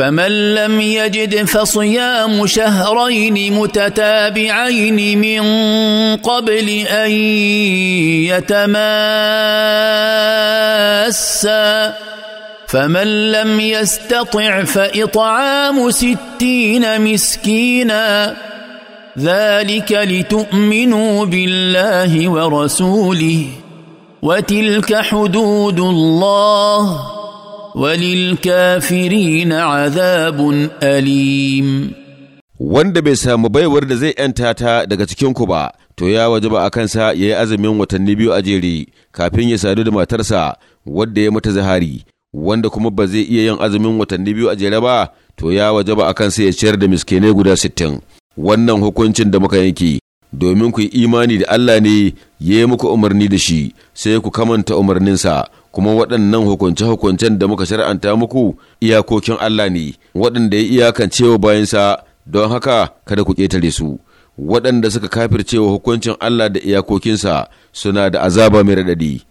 فمن لم يجد فصيام شهرين متتابعين من قبل ان يتماسا فمن لم يستطع فاطعام ستين مسكينا ذلك لتؤمنوا بالله ورسوله وتلك حدود الله وللكافرين عذاب أليم wanda bai samu baiwar da zai ‘yanta ta daga cikinku ba, to ya wajaba a kansa ya yi azumin watanni biyu a jere kafin ya sadu da matarsa wadda ya mata zahari, wanda kuma ba zai iya yin azumin watanni biyu a jere ba, to ya wajaba a kansa ya ciyar da miskinai guda sittin. Wannan hukuncin da muka yanke, domin ku yi imani da Allah ne ya yi muku umarni da shi, sai ku kamanta umarninsa. kuma waɗannan hukunce-hukuncen da muka shar'anta muku iyakokin Allah ne waɗanda ya iyakance wa bayansa don haka kada ku ƙetare su waɗanda suka kafircewa hukuncin Allah da iyakokinsa suna da azaba mai raɗaɗi.